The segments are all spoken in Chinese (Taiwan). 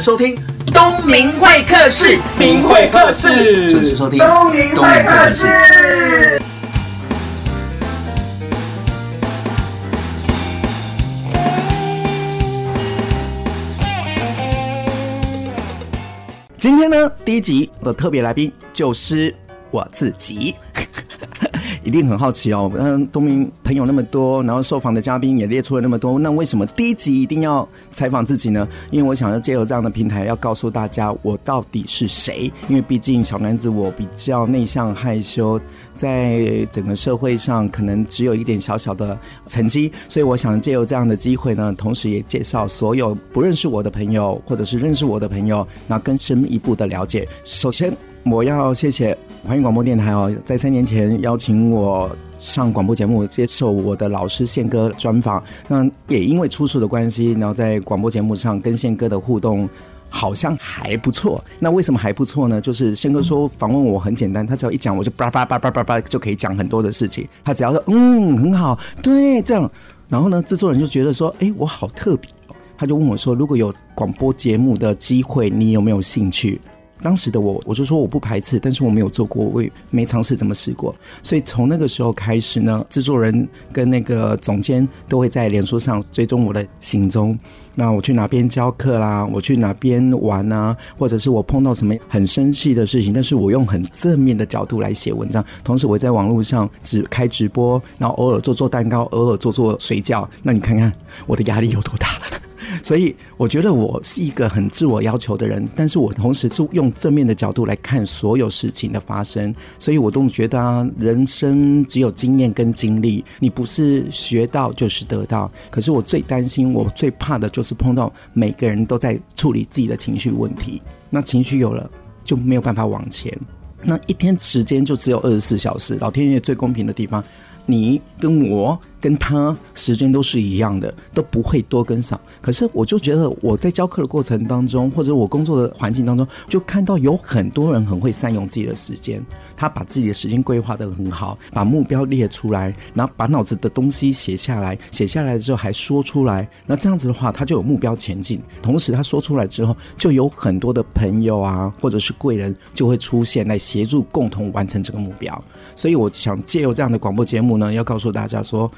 收聽《東明會客室》，明會客室，準時收聽《東明會客室》客室。今天呢，第一集的特別來賓就是我自己。一定很好奇哦，嗯，東明朋友那麼多，然後受訪的嘉賓也列出了那麼多，那為什麼第一集一定要採訪自己呢？因為我想要借由這樣的平台，要告訴大家我到底是誰。因為畢竟小男子我比較內向害羞，在整個社會上可能只有一點小小的成績，所以我想借由這樣的機會呢，同時也介紹所有不認識我的朋友，或者是認識我的朋友，那更深一步的了解。首先。我要謝謝環宇廣播電台哦，在三年前邀請我上廣播節目，接受我的老師憲哥專訪。那也因為出處的關係，然後在廣播節目上跟憲哥的互動好像還不錯。那為什麼還不錯呢？就是憲哥說訪問我很簡單，嗯、他只要一講我就叭叭叭叭叭叭就可以講很多的事情。他只要說嗯很好，對這樣，然後呢製作人就覺得說哎、欸、我好特別、哦，他就問我說如果有廣播節目的機會，你有沒有興趣？當時的我，我就說我不排斥，但是我沒有做過，我也沒嘗試怎麼試過。所以從那個時候開始呢，制作人跟那個總監都會在臉書上追蹤我的行蹤。那我去哪邊教課啦、啊？我去哪邊玩啊？或者是我碰到什麼很生氣的事情？但是我用很正面的角度來寫文章。同時我會在網絡上只開直播，然後偶爾做做蛋糕，偶爾做做水餃。那你看看我的壓力有多大？所以我覺得我是一個很自我要求的人，但是我同時是用正面的角度來看所有事情的發生，所以我總覺得，啊，人生只有經驗跟經歷，你不是學到就是得到。可是我最擔心，我最怕的就是碰到每個人都在處理自己的情緒問題，那情緒有了就沒有辦法往前。那一天時間就只有二十四小時，老天爺最公平的地方，你跟我，跟他時間都是一樣的，都不會多跟少。可是我就覺得我在教課的過程當中，或者我工作的環境當中，就看到有很多人很會善用自己的時間，他把自己的時間規劃得很好，把目標列出來，然後把腦子的東西寫下來，寫下來之後還說出來。那這樣子的話，他就有目標前進。同時他說出來之後，就有很多的朋友啊，或者是貴人就會出現來協助，共同完成這個目標。所以我想借由這樣的廣播節目呢，要告訴大家說。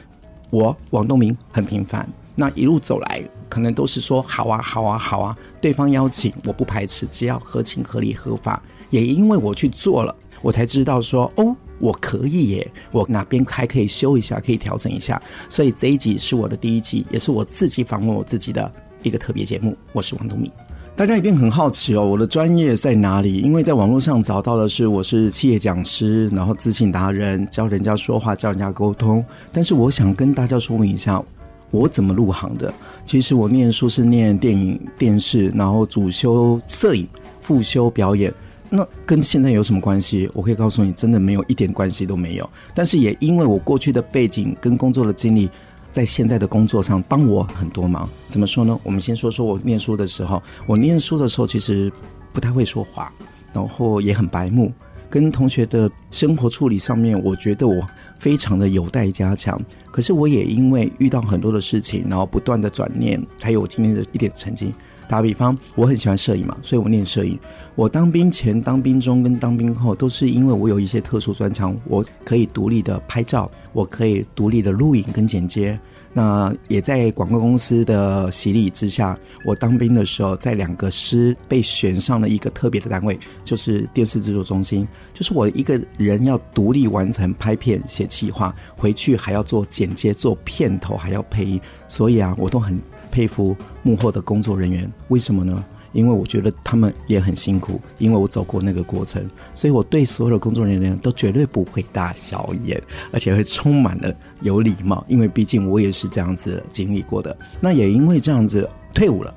我王東明很平凡，那一路走來，可能都是說好啊，好啊，好啊。對方邀請我不排斥，只要合情合理合法。也因為我去做了，我才知道說哦，我可以耶，我哪邊還可以修一下，可以調整一下。所以這一集是我的第一集，也是我自己訪問我自己的一個特別節目。我是王東明。大家一定很好奇哦，我的專業在哪裡？因為在網絡上找到的是我是企業講師，然後自信達人，教人家說話，教人家溝通。但是我想跟大家說明一下，我怎麼入行的。其實我念書是念電影電視，然後主修攝影，副修表演。那跟現在有什麼關係？我可以告訴你，真的沒有一點關係都沒有。但是也因為我過去的背景跟工作的經歷。在現在的工作上幫我很多忙，怎麼說呢？我們先說說我念書的時候，我念書的時候其實不太會說話，然後也很白目，跟同學的生活處理上面，我覺得我非常的有待加強。可是我也因為遇到很多的事情，然後不斷的轉念，才有我今天的一點成績。打個比方，我很喜歡攝影嘛，所以我念攝影。我當兵前、當兵中跟當兵後，都是因為我有一些特殊專長，我可以獨立的拍照，我可以獨立的錄影跟剪接。那也在廣告公司的洗禮之下，我當兵的時候，在兩個師被選上了一個特別的單位，就是電視製作中心。就是我一個人要獨立完成拍片、寫企劃，回去還要做剪接、做片頭，還要配音，所以啊，我都很佩服幕後的工作人員，為什麼呢？因為我覺得他們也很辛苦，因為我走過那個過程，所以我對所有的工作人員都絕對不會大小眼，而且會充滿了有禮貌，因為畢竟我也是這樣子經歷過的。那也因為這樣子退伍了，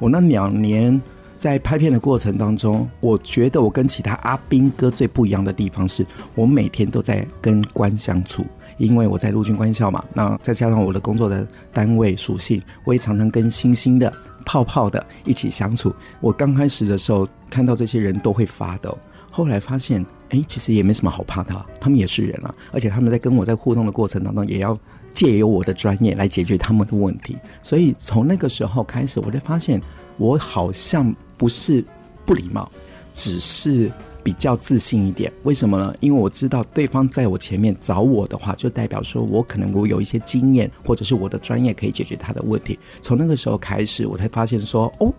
我那兩年在拍片的過程當中，我覺得我跟其他阿兵哥最不一樣的地方是，我每天都在跟官相處。因為我在陸軍官校嘛，那再加上我的工作的單位屬性，我也常常跟星星的、泡泡的一起相處。我剛開始的時候看到這些人都會發抖，後來發現，哎、欸，其實也沒什麼好怕的啊，他們也是人啊，而且他們在跟我在互動的過程當中，也要借由我的專業來解決他們的問題。所以從那個時候開始，我就發現我好像不是不禮貌，只是。比較自信一點，為什麼呢？因為我知道對方在我前面找我的話，就代表說我可能我有一些經驗，或者是我的專業可以解決他的問題。從那個時候開始，我才發現說，哦，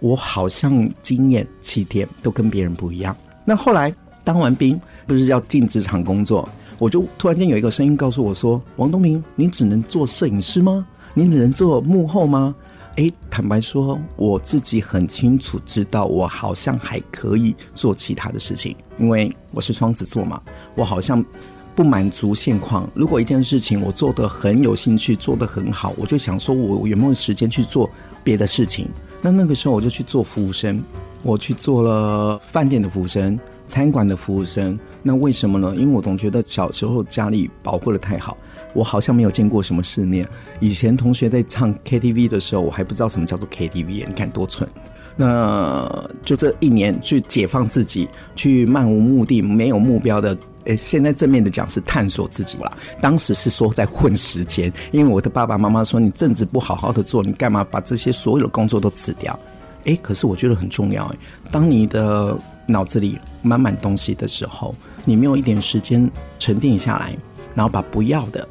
我好像經驗起點都跟別人不一樣。那後來當完兵，不是要進職場工作，我就突然間有一個聲音告訴我說：“王東明，你只能做攝影師嗎？你只能做幕後嗎？”誒，坦白說，我自己很清楚知道，我好像還可以做其他的事情，因為我是雙子座嘛，我好像不滿足現況。如果一件事情我做得很有興趣，做得很好，我就想說，我有沒有時間去做別的事情？那那個時候我就去做服務生，我去做了飯店的服務生，餐館的服務生。那為什麼呢？因為我總覺得小時候家裡保護的太好。我好像沒有見過什麼世面。以前同學在唱 KTV 的時候，我還不知道什麼叫做 KTV，你看多蠢。那就這一年去解放自己，去漫無目的、沒有目標的……哎，現在正面的講是探索自己啦。當時是說在混時間，因為我的爸爸媽媽說：“你正職不好好的做，你幹嘛把這些所有的工作都辭掉？”哎，可是我覺得很重要誒。當你的腦子裡滿滿東西的時候，你沒有一點時間沉澱下來，然後把不要的，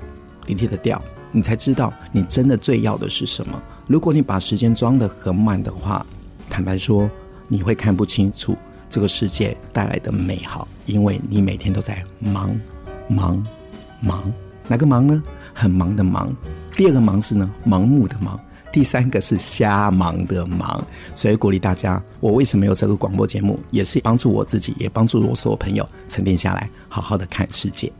離得掉，你才知道你真的最要的是什麼。如果你把時間裝得很滿的話，坦白說，你會看不清楚這個世界帶來的美好，因為你每天都在忙，忙，忙。哪個忙呢？很忙的忙。第二個忙是呢，盲目的忙。第三個是瞎忙的忙。所以鼓勵大家，我為什麼有這個廣播節目，也是幫助我自己，也幫助我所有朋友沉澱下來，好好的看世界。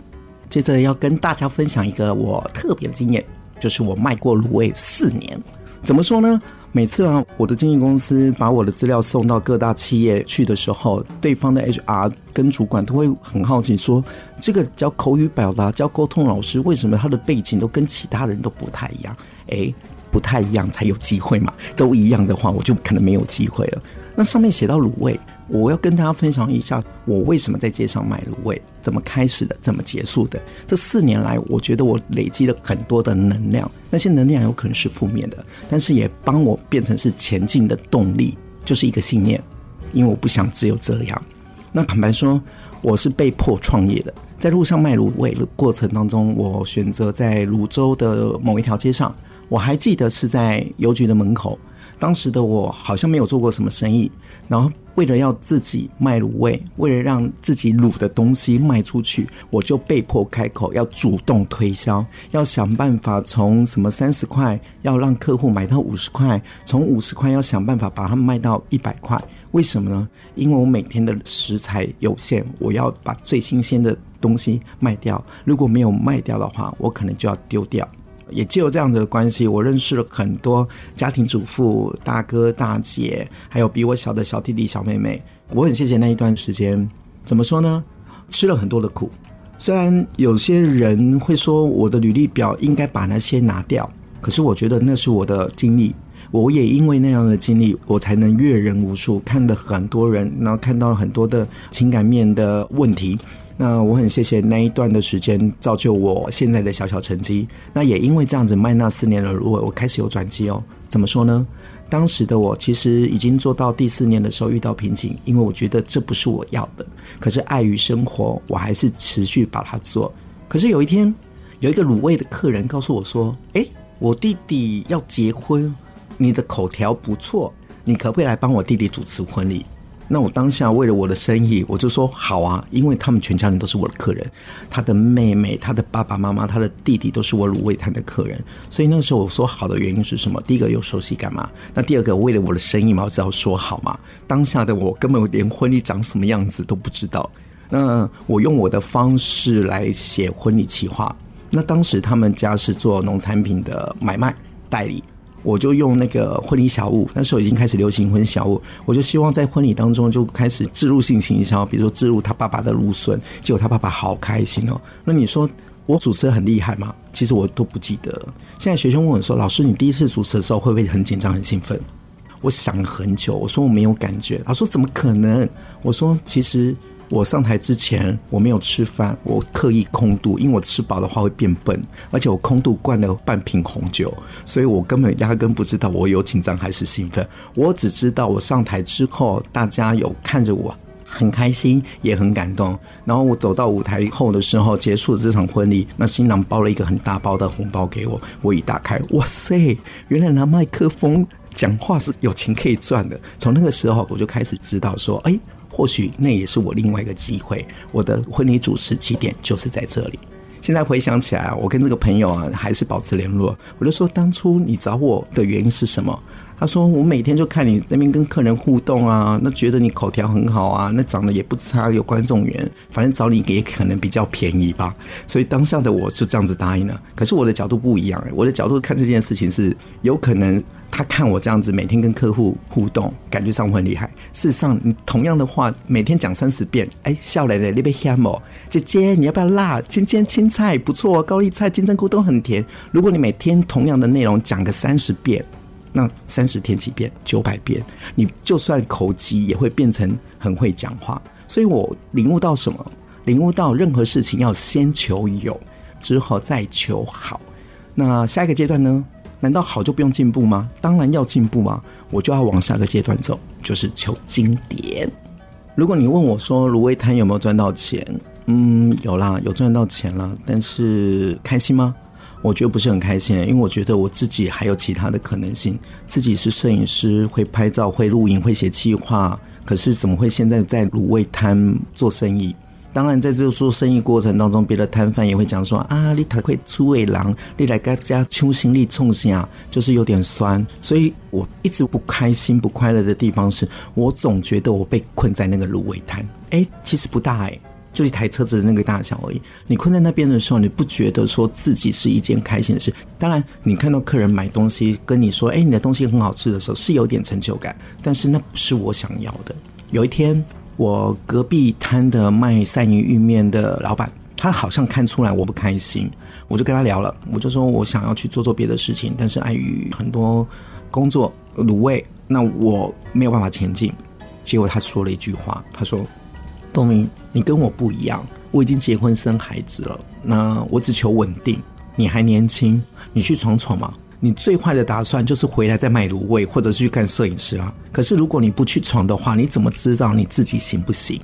接着要跟大家分享一個我特別的經驗，就是我賣過滷味四年。怎麼說呢？每次啊，我的經紀公司把我的資料送到各大企業去的時候，對方的 HR 跟主管都會很好奇說，說這個教口語表達、教溝通老師，為什麼他的背景都跟其他人都不太一樣？哎，不太一樣才有機會嘛，都一樣的話，我就可能沒有機會了。那上面寫到滷味。我要跟大家分享一下，我為什麼在街上賣滷味，怎麼開始的，怎麼結束的。這四年來，我覺得我累積了很多的能量，那些能量有可能是負面的，但是也幫我變成是前進的動力，就是一個信念。因為我不想只有這樣。那坦白說，我是被迫創業的。在路上賣滷味的過程當中，我選擇在蘆洲的某一條街上，我還記得是在郵局的門口。當時的我好像沒有做過什麼生意，然後。為了要自己賣滷味，為了讓自己滷的東西賣出去，我就被迫開口要主動推銷，要想辦法從什麼三十塊要讓客戶買到五十塊，從五十塊要想辦法把它賣到一百塊。為什麼呢？因為我每天的食材有限，我要把最新鮮的東西賣掉，如果沒有賣掉的話，我可能就要丟掉。也藉由這樣的關係，我認識了很多家庭主婦、大哥、大姐，還有比我小的小弟弟、小妹妹。我很謝謝那一段時間，怎麼說呢？吃了很多的苦。雖然有些人會說我的履歷表應該把那些拿掉，可是我覺得那是我的經歷。我也因為那樣的經歷，我才能閱人無數，看了很多人，然後看到很多的情感面的問題。那我很謝謝那一段的時間，造就我現在的小小成績。那也因為這樣子賣那四年了，如果我開始有轉機哦，怎麼說呢？當時的我其實已經做到第四年的時候遇到瓶頸，因為我覺得這不是我要的。可是礙於生活，我還是持續把它做。可是有一天，有一個滷味的客人告訴我說：“哎、欸，我弟弟要結婚，你的口條不錯，你可不可以來幫我弟弟主持婚禮？”那我當下為了我的生意，我就說好啊，因為他們全家人都是我的客人，他的妹妹、他的爸爸媽媽、他的弟弟都是我滷味攤的客人，所以那時候我說好的原因是什麼？第一個有熟悉感嘛，那第二個為了我的生意嘛，我只要說好嘛。當下的我根本連婚禮長什麼樣子都不知道，那我用我的方式來寫婚禮企劃。那當時他們家是做農產品的買賣代理。我就用那個婚禮小物，那時候已經開始流行婚禮小物，我就希望在婚禮當中就開始置入性行銷，比如說置入他爸爸的蘆筍，結果他爸爸好開心哦。那你說我主持的很厲害嗎？其實我都不記得。現在學生問我說：“老師，你第一次主持的時候會不會很緊張、很興奮？”我想了很久，我說我沒有感覺。他說：“怎麼可能？”我說：“其實。”我上台之前我沒有吃飯，我刻意空肚，因為我吃飽的話會變笨，而且我空肚灌了半瓶紅酒，所以我根本壓根不知道我有緊張還是興奮。我只知道我上台之後，大家有看着我，很開心，也很感動。然後我走到舞台後的時候，結束了這場婚禮，那新郎包了一個很大包的紅包給我，我一打開，哇塞，原來拿麥克風講話是有錢可以賺的。從那個時候我就開始知道說，哎、欸。或許那也是我另外一個機會。我的婚禮主持起點就是在這裡。現在回想起來啊，我跟這個朋友啊還是保持聯絡。我就說，當初你找我的原因是什麼？他說：“我每天就看你那邊跟客人互動啊，那覺得你口條很好啊，那長得也不差，有觀眾緣，反正找你也可能比較便宜吧。”所以當下的我就這樣子答應了。可是我的角度不一樣，欸，我的角度看這件事情是，有可能他看我這樣子每天跟客戶互動，感覺上我很厲害。事實上，你同樣的話每天講三十遍，哎、欸，笑咧咧你別嚇我，姐姐你要不要辣？尖尖青,青菜不錯，高麗菜、金針菇都很甜。如果你每天同樣的內容講個三十遍。那三十天幾遍，九百遍，你就算口吃也會變成很會講話。所以我領悟到什麼？領悟到任何事情要先求有，之後再求好。那下一個階段呢？難道好就不用進步嗎？當然要進步嗎！我就要往下個階段走，就是求經典。如果你問我說蘆葦灘有沒有賺到錢？嗯，有啦，有賺到錢了。但是開心嗎？我覺得不是很開心、欸，因為我覺得我自己還有其他的可能性。自己是攝影師，會拍照，會錄影、會寫計劃。可是怎麼會現在在滷味攤做生意？當然，在這個做生意過程當中，別的攤販也會講說：“啊，你太會出位啦，你來大家求心力衝心啊，就是有點酸。”所以我一直不開心、不快樂的地方是，我總覺得我被困在那個滷味攤。哎、欸，其實不大、欸就一台車子的那個大小而已。你困在那邊的時候，你不覺得說自己是一件開心的事？當然，你看到客人買東西，跟你說：“哎、欸，你的東西很好吃”的時候，是有點成就感。但是那不是我想要的。有一天，我隔壁攤的賣鱔魚、意麵的老闆，他好像看出來我不開心，我就跟他聊了，我就說我想要去做做別的事情，但是礙於很多工作滷味，那我沒有辦法前進。結果他說了一句話，他說。東明，你跟我不一樣，我已經結婚生孩子了，那我只求穩定。你還年輕，你去闖闖嘛。你最壞的打算就是回來再賣滷味，或者是去幹攝影師啊。可是如果你不去闖的話，你怎麼知道你自己行不行？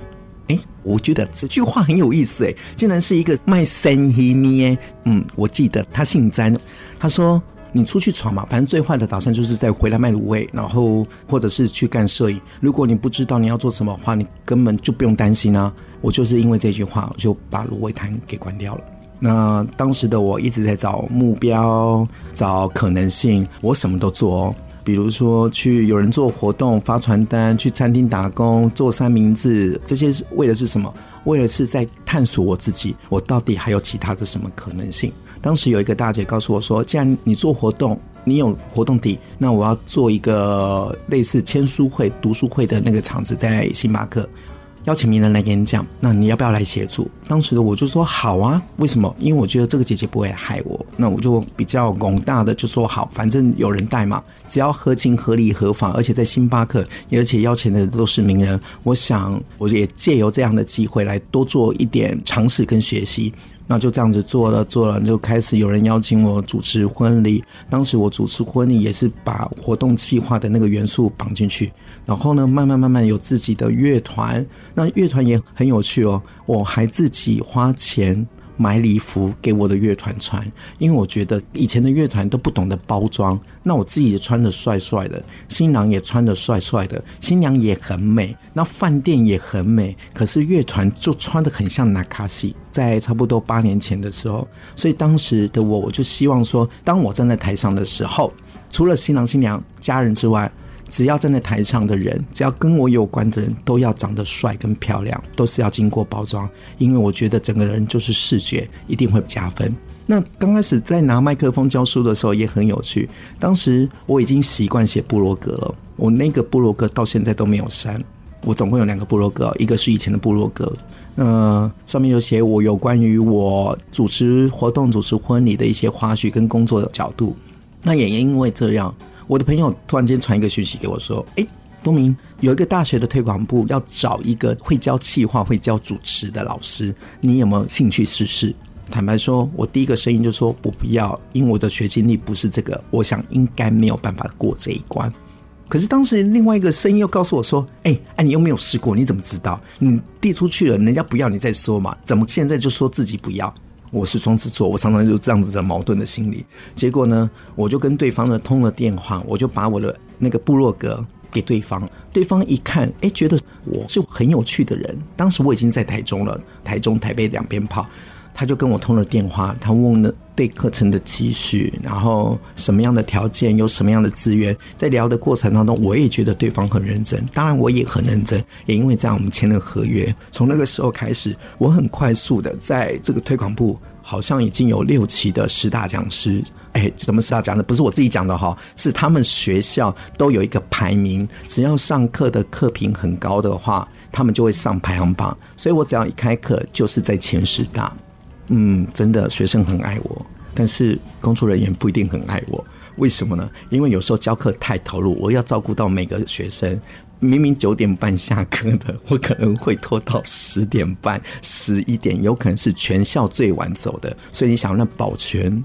哎、欸，我覺得這句話很有意思、欸。哎，竟然是一個賣生魚片。嗯，我記得他姓詹，他說。你出去闖嘛，反正最壞的打算就是再回來賣滷味，然後或者是去幹攝影。如果你不知道你要做什麼的話，你根本就不用擔心啊。我就是因為這句話，我就把滷味攤給關掉了。那當時的我一直在找目標，找可能性，我什麼都做哦，比如說去有人做活動發傳單，去餐廳打工做三明治，這些為的是什麼？為的是在探索我自己，我到底還有其他的什麼可能性。當時有一個大姐告訴我說：“既然你做活動，你有活動底，那我要做一個類似簽書會、讀書會的那個場子，在星巴克邀請名人來演講，那你要不要來協助？”當時的我就說：“好啊，為什麼？因為我覺得這個姐姐不會害我，那我就比較往大的就說好，反正有人帶嘛，只要合情合理合法，而且在星巴克，而且邀請的都是名人，我想我也借由這樣的機會來多做一點嘗試跟學習。”那就這樣子做了，做了，就開始有人邀請我主持婚禮。當時我主持婚禮也是把活動企劃的那個元素綁進去，然後呢，慢慢慢慢有自己的樂團，那樂團也很有趣哦，我還自己花錢。買禮服給我的樂團穿，因為我覺得以前的樂團都不懂得包裝。那我自己也穿得帥帥的，新郎也穿得帥帥的，新娘也很美，那飯店也很美。可是樂團就穿得很像那卡西，在差不多八年前的時候，所以當時的我，我就希望說，當我站在台上的時候，除了新郎新娘家人之外，只要站在台上的人，只要跟我有關的人都要長得帥跟漂亮，都是要經過包裝，因為我覺得整個人就是視覺一定會加分。那剛開始在拿麥克風教書的時候也很有趣，當時我已經習慣寫部落格了，我那個部落格到現在都沒有刪，我總共有兩個部落格，一個是以前的部落格，嗯，上面有寫我有關於我主持活動、主持婚禮的一些花絮跟工作的角度。那也因為這樣。我的朋友突然間傳一個訊息給我，說：“誒，東明，有一個大學的推廣部要找一個會教企劃、會教主持的老師，你有沒有興趣試試？”坦白說，我第一個聲音就說：“我不要，因為我的學經歷不是這個，我想應該沒有辦法過這一關。”可是當時另外一個聲音又告訴我說：“誒，誒、啊，你又沒有試過，你怎麼知道？你遞出去了，人家不要你再說嘛，怎麼現在就說自己不要？”我是雙子座，我常常就這樣子的矛盾的心理。結果呢，我就跟對方呢通了電話，我就把我的那個部落格給對方。對方一看，哎、欸，覺得我是很有趣的人。當時我已經在台中了，台中、台北兩邊跑。他就跟我通了電話，他問了對課程的期許，然後什麼樣的條件，有什麼樣的資源。在聊的過程當中，我也覺得對方很認真，當然我也很認真。也因為這樣，我們簽了合約。從那個時候開始，我很快速的在這個推廣部，好像已經有六期的十大講師。哎，什麼十大講師？不是我自己講的哈，是他們學校都有一個排名，只要上課的課評很高的話，他們就會上排行榜。所以我只要一開課，就是在前十大。嗯，真的，學生很愛我，但是工作人員不一定很愛我。為什麼呢？因為有時候教課太投入，我要照顧到每個學生。明明九點半下課的，我可能會拖到十點半、十一點，有可能是全校最晚走的。所以你想讓保全。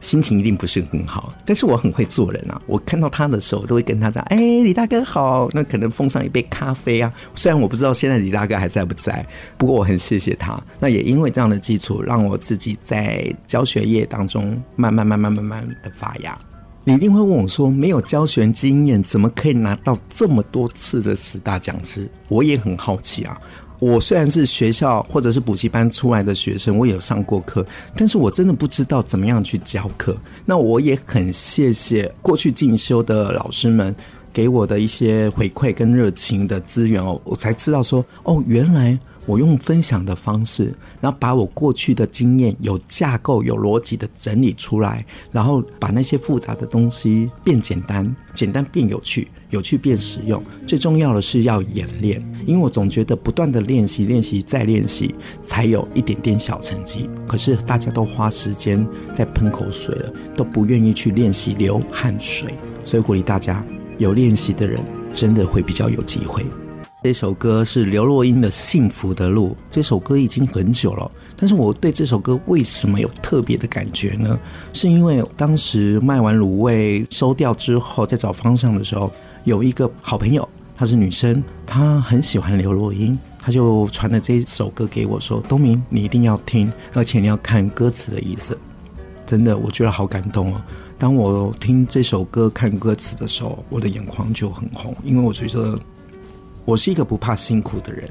心情一定不是很好，但是我很會做人啊！我看到他的時候，都會跟他講：“哎，李大哥好。”那可能奉上一杯咖啡啊。雖然我不知道現在李大哥還在不在，不過我很謝謝他。那也因為這樣的基礎，讓我自己在教學業當中慢慢慢慢慢慢的發芽。你一定會問我說：“沒有教學經驗，怎麼可以拿到這麼多次的十大講師？”我也很好奇啊。我雖然是學校或者是補習班出來的學生，我也有上過課，但是我真的不知道怎麼樣去教課。那我也很謝謝過去進修的老師們。給我的一些回饋跟熱情的資源哦，我才知道說哦，原來我用分享的方式，然後把我過去的經驗有架構、有邏輯的整理出來，然後把那些複雜的東西變簡單，簡單變有趣，有趣變實用。最重要的是要演練，因為我總覺得不斷的練習、練習再練習，才有一點點小成績。可是大家都花時間在噴口水了，都不願意去練習流汗水，所以鼓勵大家。有練習的人真的會比較有機會。這首歌是劉若英的《幸福的路》，這首歌已經很久了，但是我對這首歌為什麼有特別的感覺呢？是因為當時賣完滷味收掉之後，在找方向的時候，有一個好朋友，她是女生，她很喜歡劉若英，她就傳了這首歌給我，說：“東明，你一定要聽，而且你要看歌詞的意思。”真的，我覺得好感動哦。當我聽這首歌，看歌詞的時候，我的眼眶就很紅，因為我覺得我是一個不怕辛苦的人，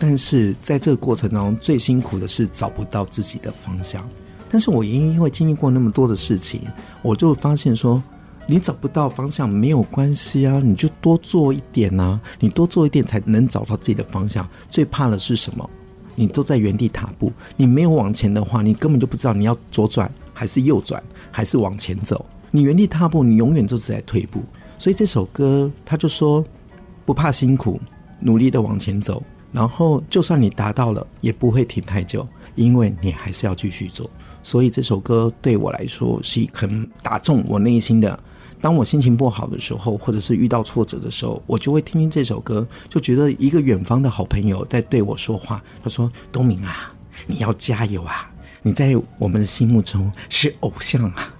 但是在這個過程當中，最辛苦的是找不到自己的方向。但是我也因為經歷過那麼多的事情，我就發現說，你找不到方向沒有關係啊，你就多做一點啊，你多做一點才能找到自己的方向。最怕的是什麼？你都在原地踏步，你沒有往前的話，你根本就不知道你要左轉還是右轉，還是往前走。你原地踏步，你永遠就是在退步。所以這首歌他就說不怕辛苦，努力的往前走。然後就算你達到了，也不會停太久，因為你還是要繼續做。所以這首歌對我來說是很打中我內心的。當我心情不好的時候，或者是遇到挫折的時候，我就會聽聽這首歌，就覺得一個遠方的好朋友在對我說話。他說：“東明啊，你要加油啊！你在我們的心目中是偶像啊！”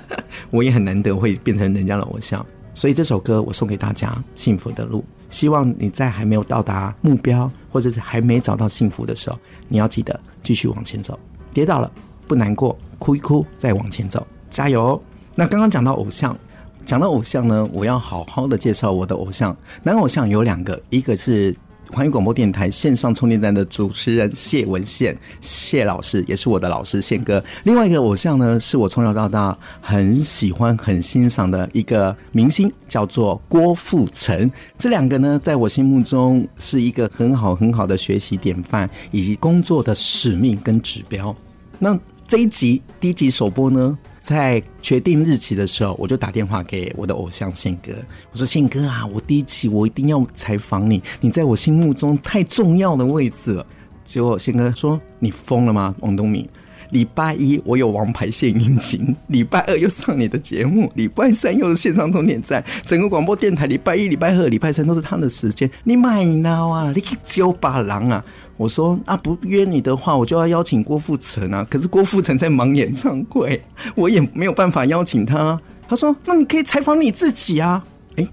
我也很難得會變成人家的偶像，所以這首歌我送給大家，《幸福的路》。希望你在還沒有到達目標，或者是還沒找到幸福的時候，你要記得繼續往前走。跌倒了不難過，哭一哭再往前走，加油！那剛剛講到偶像，講到偶像呢，我要好好的介紹我的偶像。男偶像有兩個，一個是環宇廣播電台線上充電站的主持人謝文憲，謝老師也是我的老師，憲哥。另外一個偶像呢，是我從小到大很喜歡、很欣賞的一個明星，叫做郭富城。這兩個呢，在我心目中是一個很好、很好的學習典範，以及工作的使命跟指標。那這一集第一集首播呢，在決定日期的時候，我就打電話給我的偶像憲哥，我說：“憲哥啊，我第一期我一定要採訪你，你在我心目中太重要的位置了。”結果憲哥說：“你瘋了嗎，王東明？”禮拜一我有王牌獻殷勤，禮拜二又上你的節目，禮拜三又是線上終點站，整個廣播電台禮拜一、禮拜二、禮拜三都是他的時間，你買呢？啊，你九把郎啊！我說啊，不約你的話，我就要邀請郭富城啊，可是郭富城在忙演唱會，我也沒有辦法邀請他。他說，那你可以採訪你自己啊。哎，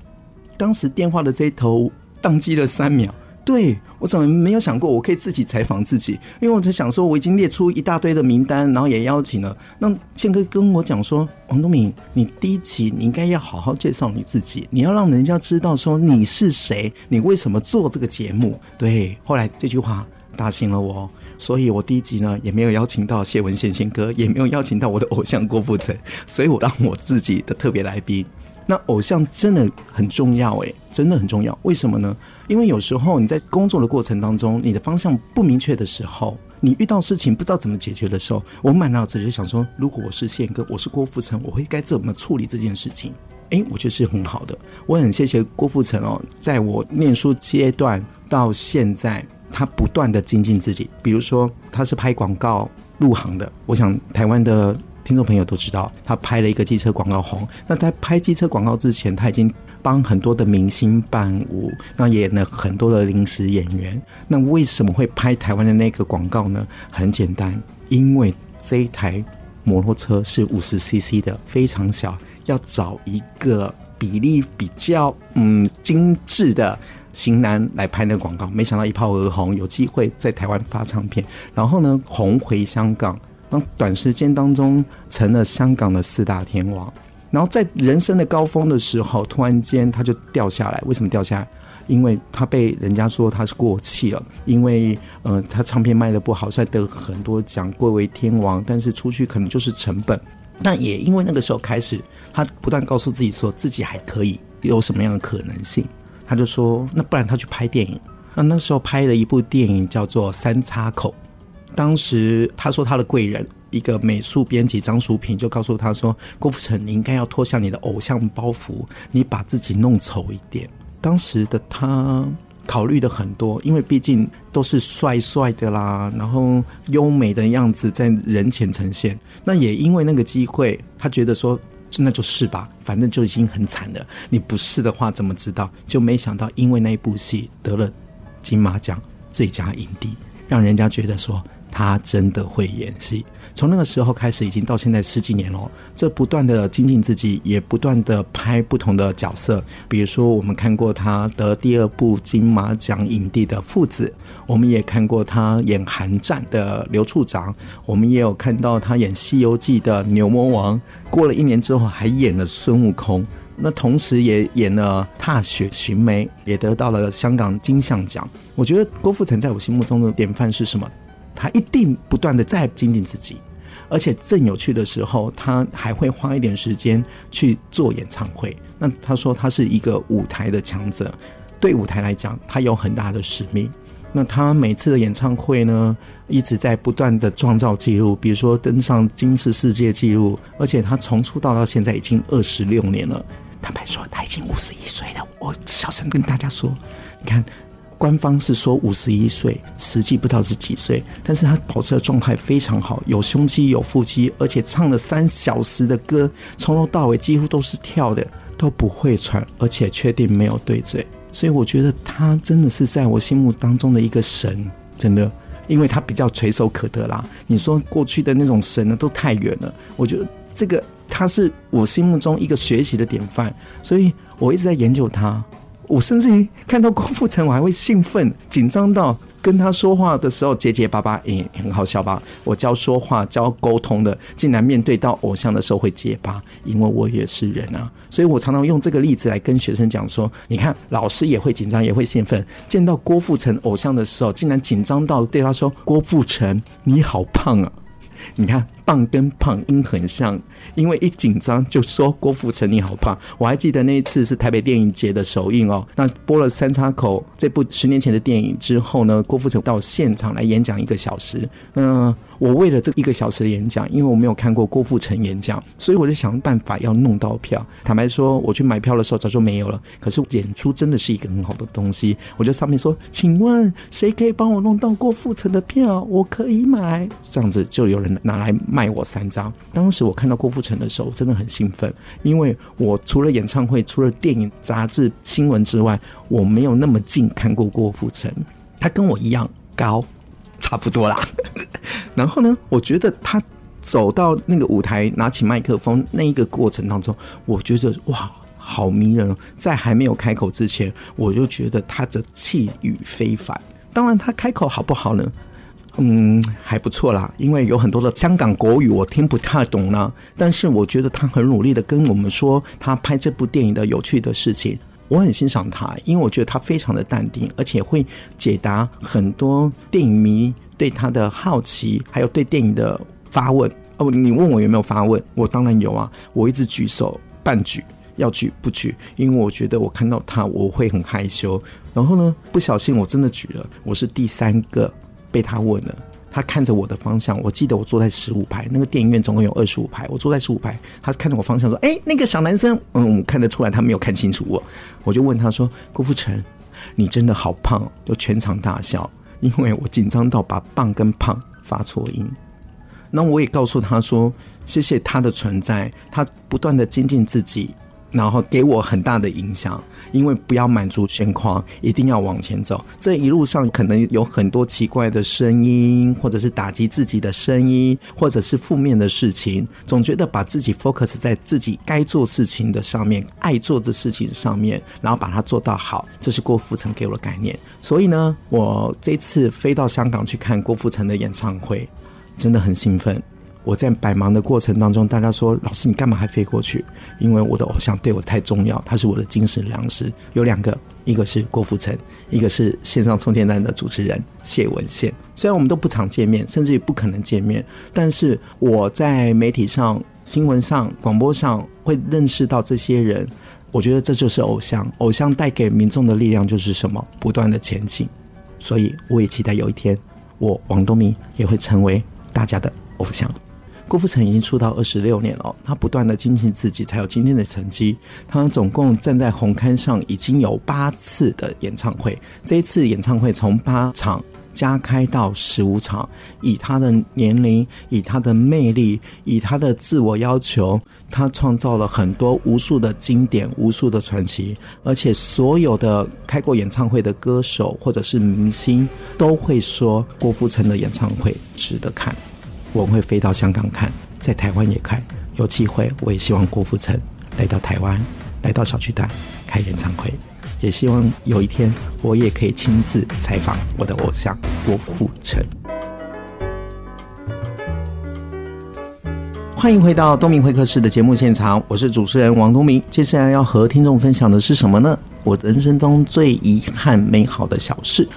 當時電話的這頭宕機了三秒。對，我怎麼沒有想過我可以自己採訪自己？因為我在想說，我已經列出一大堆的名單，然後也邀請了。那憲哥跟我講說：“王東明，你第一集你應該要好好介紹你自己，你要讓人家知道說你是誰，你為什麼做這個節目。”對，後來這句話打醒了我，所以我第一集呢也沒有邀請到謝文憲憲哥，也沒有邀請到我的偶像郭富城，所以我當我自己的特別來賓。那偶像真的很重要誒、欸，真的很重要，為什麼呢？因為有時候你在工作的過程當中，你的方向不明確的時候，你遇到事情不知道怎麼解決的時候，我滿腦子就想說：如果我是憲哥，我是郭富城，我會該怎麼處理這件事情？哎、欸，我覺得是很好的。我很謝謝郭富城哦，在我念書階段到現在，他不斷的精進自己。比如說，他是拍廣告入行的，我想台灣的。聽眾朋友都知道，他拍了一個機車廣告紅。那在拍機車廣告之前，他已經幫很多的明星伴舞，那演了很多的臨時演員。那為什麼會拍台灣的那個廣告呢？很簡單，因為這一台摩托車是五十 CC 的，非常小，要找一個比例比較嗯精致的型男來拍那個廣告。沒想到一炮而紅，有機會在台灣發唱片，然後呢，紅回香港。那短時間當中成了香港的四大天王，然後在人生的高峰的時候，突然間他就掉下來。為什麼掉下來？因為他被人家說他是過氣了，因為呃他唱片賣得不好，所以得很多獎，貴為天王，但是出去可能就是成本。那也因為那個時候開始，他不斷告訴自己說，自己還可以有什麼樣的可能性？他就說，那不然他去拍電影。那那時候拍了一部電影叫做《三岔口》。當時他說他的貴人，一個美術編輯張淑萍就告訴他說：“郭富城，你應該要脫下你的偶像包袱，你把自己弄醜一點。”當時的他考慮的很多，因為畢竟都是帥帥的啦，然後優美的樣子在人前呈現。那也因為那個機會，他覺得說那就是吧，反正就已經很慘了。你不是的話，怎麼知道？就沒想到因為那部戲得了金馬獎最佳影帝，讓人家覺得說。他真的會演戲，從那個時候開始，已經到現在十幾年了。這不斷的精進自己，也不斷的拍不同的角色。比如說，我們看過他得第二部金馬獎影帝的《父子》，我們也看過他演《寒戰》的劉處長，我們也有看到他演《西遊記》的牛魔王。過了一年之後，還演了孫悟空，那同時也演了《踏雪尋梅》，也得到了香港金像獎。我覺得郭富城在我心目中的典範是什麼？他一定不斷的在精進自己，而且正有趣的時候，他還會花一點時間去做演唱會。那他說他是一個舞台的強者，對舞台來講，他有很大的使命。那他每次的演唱會呢，一直在不斷的創造紀錄，比如說登上金氏世界紀錄，而且他從出道到現在已經二十六年了。坦白說，他已經五十一歲了。我小聲跟大家說，你看。官方是說五十一歲，實際不知道是幾歲，但是他保持的狀態非常好，有胸肌有腹肌，而且唱了三小時的歌，從頭到尾幾乎都是跳的，都不會喘，而且確定沒有對嘴，所以我覺得他真的是在我心目當中的一個神，真的，因為他比較垂手可得啦。你說過去的那種神呢，都太遠了，我覺得這個他是我心目中一個學習的典範，所以我一直在研究他。我甚至於看到郭富城，我還會興奮、緊張到跟他說話的時候結結巴巴，誒、欸，很好笑吧？我教說話、教溝通的，竟然面對到偶像的時候會結巴，因為我也是人啊，所以我常常用這個例子來跟學生講說，你看，老師也會緊張，也會興奮，見到郭富城偶像的時候，竟然緊張到對他說：“郭富城，你好胖啊。”你看，棒跟胖音很像，因為一緊張就說郭富城你好胖。我還記得那一次是台北電影節的首映哦，那播了《三岔口》這部十年前的電影之後呢，郭富城到現場來演講一個小時。嗯。我為了這一個小時的演講，因為我沒有看過郭富城演講，所以我就想辦法要弄到票。坦白說，我去買票的時候，早就沒有了。可是演出真的是一個很好的東西。我就上面說，請問誰可以幫我弄到郭富城的票我可以買。這樣子就有人拿來賣我三張。當時我看到郭富城的時候，真的很興奮，因為我除了演唱會、除了電影、雜誌、新聞之外，我沒有那麼近看過郭富城。他跟我一樣高。差不多啦， 然後呢？我覺得他走到那個舞台，拿起麥克風那一個過程當中，我覺得哇，好迷人哦！在還沒有開口之前，我就覺得他的氣宇非凡。當然，他開口好不好呢？嗯，還不錯啦，因為有很多的香港國語我聽不太懂呢啊。但是我覺得他很努力的跟我們說他拍這部電影的有趣的事情。我很欣賞他，因為我覺得他非常的淡定，而且會解答很多電影迷對他的好奇，還有對電影的發問。哦，你問我有沒有發問？我當然有啊，我一直舉手，半舉，要舉不舉？因為我覺得我看到他，我會很害羞。然後呢，不小心我真的舉了，我是第三個被他問了。他看着我的方向，我記得我坐在十五排，那個電影院總共有二十五排，我坐在十五排，他看着我方向說：“哎、欸，那個小男生，嗯，看得出來他沒有看清楚我。”我我就問他說：“郭富城，你真的好胖。”就全場大笑，因為我緊張到把“棒”跟“胖”發錯音。那我也告訴他說：“謝謝他的存在，他不斷的精進自己。”然後給我很大的影響，因為不要滿足現況，一定要往前走。這一路上可能有很多奇怪的聲音，或者是打擊自己的聲音，或者是負面的事情。總覺得把自己 focus 在自己該做事情的上面，愛做的事情上面，然後把它做到好。這是郭富城給我的概念。所以呢，我這次飛到香港去看郭富城的演唱會，真的很興奮。我在百忙的過程當中，大家說：“老師，你幹嘛還飛過去？”因為我的偶像對我太重要，他是我的精神糧食。有兩個，一個是郭富城，一個是線上充電站的主持人謝文憲。雖然我們都不常見面，甚至於不可能見面，但是我在媒體上、新聞上、廣播上會認識到這些人。我覺得這就是偶像，偶像帶給民眾的力量就是什麼：不斷的前進。所以我也期待有一天，我王東明也會成為大家的偶像。郭富城已經出道二十六年了，他不斷的精進自己，才有今天的成績。他總共站在紅磡上已經有八次的演唱會，這一次演唱會從八場加開到十五場。以他的年齡，以他的魅力，以他的自我要求，他創造了很多無數的經典，無數的傳奇。而且所有的開過演唱會的歌手或者是明星，都會說郭富城的演唱會值得看。我會飛到香港看，在台灣也看。有機會，我也希望郭富城來到台灣，來到小巨蛋開演唱會。也希望有一天，我也可以親自採訪我的偶像郭富城。歡迎回到東明會客室的節目現場，我是主持人王東明。接下來要和聽眾分享的是什麼呢？我人生中最遺憾美好的小事。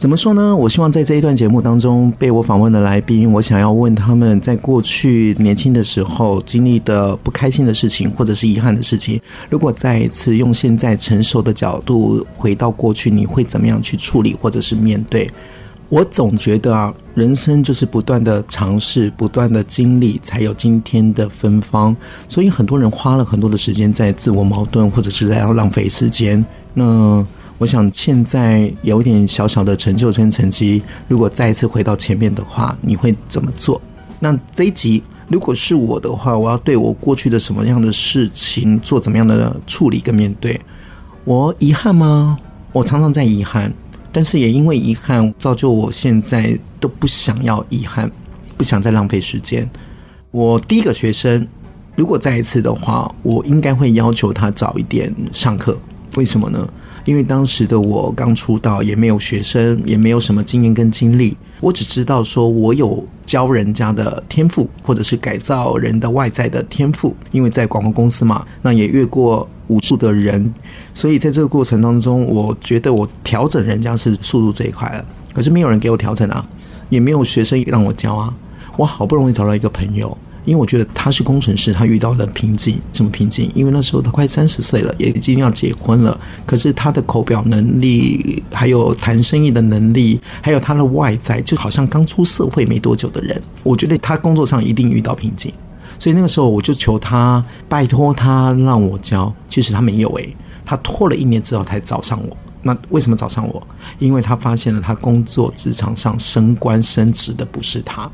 怎麼說呢？我希望在這一段節目當中被我訪問的來賓，我想要問他們，在過去年輕的時候經歷的不開心的事情，或者是遺憾的事情，如果再一次用現在成熟的角度回到過去，你會怎麼樣去處理或者是面對？我總覺得啊，人生就是不斷的嘗試，不斷的經歷，才有今天的芬芳。所以很多人花了很多的時間在自我矛盾，或者是在要浪費時間。那。我想現在有一點小小的成就跟、成績，如果再一次回到前面的話，你會怎麼做？那這一集如果是我的話，我要對我過去的什麼樣的事情做怎麼樣的處理跟面對？我遺憾嗎？我常常在遺憾，但是也因為遺憾造就我現在都不想要遺憾，不想再浪費時間。我第一個學生，如果再一次的話，我應該會要求他早一點上課。為什麼呢？因為當時的我剛出道，也沒有學生，也沒有什麼經驗跟經歷。我只知道說，我有教人家的天賦，或者是改造人的外在的天賦。因為在廣告公司嘛，那也越過無數的人，所以在這個過程當中，我覺得我調整人家是速度最快了。可是沒有人給我調整啊，也沒有學生讓我教啊。我好不容易找到一個朋友。因為我覺得他是工程師，他遇到了瓶頸，什麼瓶頸？因為那時候他快三十歲了，也已經要結婚了。可是他的口表能力，還有談生意的能力，還有他的外在，就好像剛出社會沒多久的人。我覺得他工作上一定遇到瓶頸，所以那個時候我就求他，拜托他讓我教。其實他沒有誒、欸，他拖了一年之後才找上我。那為什麼找上我？因為他發現了他工作職場上升官升職的不是他，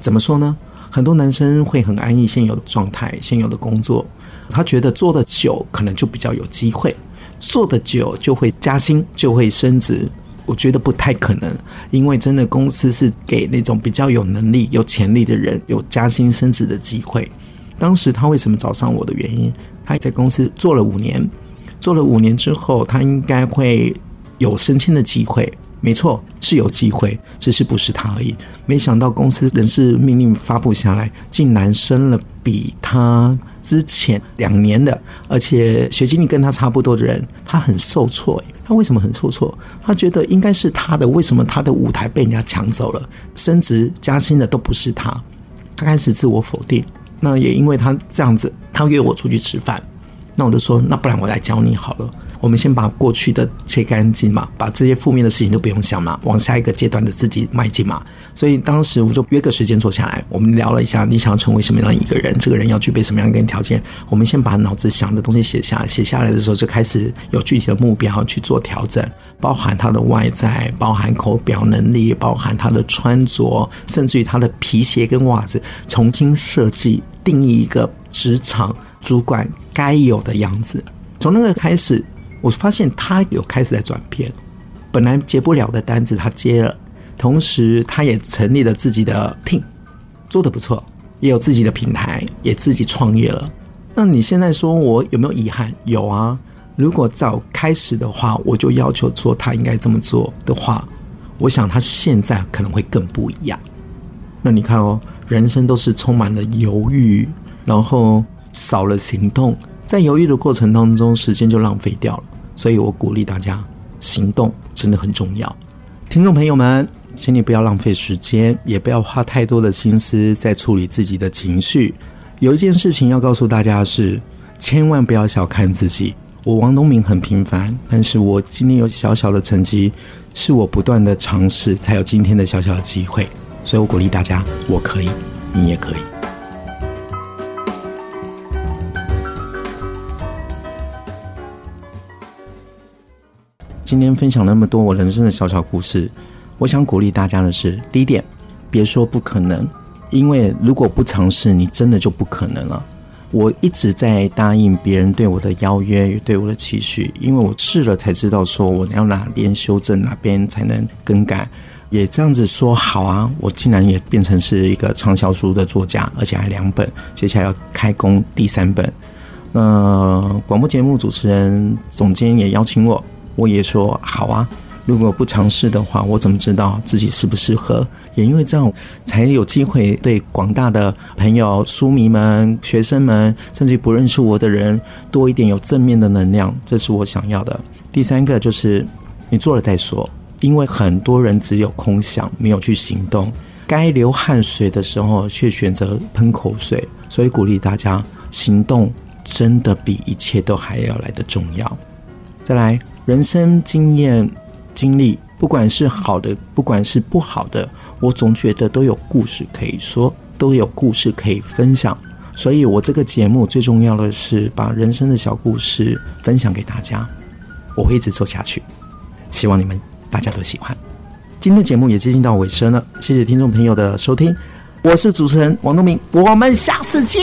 怎麼說呢？很多男生會很安逸現有的狀態、現有的工作，他覺得做得久可能就比較有機會，做得久就會加薪、就會升職。我覺得不太可能，因為真的公司是給那種比較有能力、有潛力的人有加薪升職的機會。當時他為什麼找上我的原因？他在公司做了五年，做了五年之後，他應該會有升遷的機會。沒錯，是有機會，只是不是他而已。沒想到公司人事命令發佈下來，竟然升了比他之前兩年的，而且學經歷跟他差不多的人，他很受挫。他為什麼很受挫？他覺得應該是他的，為什麼他的舞台被人家搶走了？升職加薪的都不是他，他開始自我否定。那也因為他這樣子，他約我出去吃飯，那我就說，那不然我來教你好了。我們先把過去的切乾淨嘛，把這些負面的事情都不用想嘛，往下一個階段的自己邁進嘛。所以當時我就約個時間坐下來，我們聊了一下，你想要成為什麼樣一個人？這個人要具備什麼樣一個條件？我們先把腦子想的東西寫下來，寫下來的時候就開始有具體的目標去做調整，包含他的外在，包含口表能力，包含他的穿着，甚至於他的皮鞋跟襪子，重新設計定義一個職場主管該有的樣子。從那個開始。我發現他有開始在轉變，本來接不了的單子他接了，同時他也成立了自己的 team，做得不錯，也有自己的平台，也自己創業了。那你現在說我有沒有遺憾？有啊，如果早開始的話，我就要求做他應該這麼做的話，我想他現在可能會更不一樣。那你看哦，人生都是充滿了猶豫，然後少了行動。在猶豫的過程當中，時間就浪費掉了。所以我鼓勵大家，行動真的很重要。聽眾朋友們，請你不要浪費時間，也不要花太多的心思在處理自己的情緒。有一件事情要告訴大家的是，千萬不要小看自己。我王東明很平凡，但是我今天有小小的成績，是我不斷的嘗試才有今天的小小的機會。所以我鼓勵大家，我可以，你也可以。今天分享那麼多我人生的小小故事，我想鼓勵大家的是：第一點，別說不可能，因為如果不嘗試，你真的就不可能了。我一直在答應別人對我的邀約與對我的期許，因為我試了才知道，說我要哪邊修正哪邊才能更改，也這樣子說好啊。我竟然也變成是一個暢銷書的作家，而且還兩本，接下來要開工第三本。那、呃、廣播節目主持人、總監也邀請我。我也說好啊！如果不嘗試的話，我怎麼知道自己適不適合？也因為這樣才有機會對廣大的朋友、書迷們、學生們，甚至於不認識我的人多一點有正面的能量，這是我想要的。第三個就是你做了再說，因為很多人只有空想，沒有去行動。該流汗水的時候，卻選擇噴口水，所以鼓勵大家行動，真的比一切都還要來得重要。再來。人生經驗、經歷，不管是好的，不管是不好的，我總覺得都有故事可以說，都有故事可以分享。所以我這個節目最重要的是把人生的小故事分享給大家。我會一直做下去，希望你們大家都喜歡。今天的節目也接近到尾聲了，謝謝聽眾朋友的收聽，我是主持人王東明，我們下次見。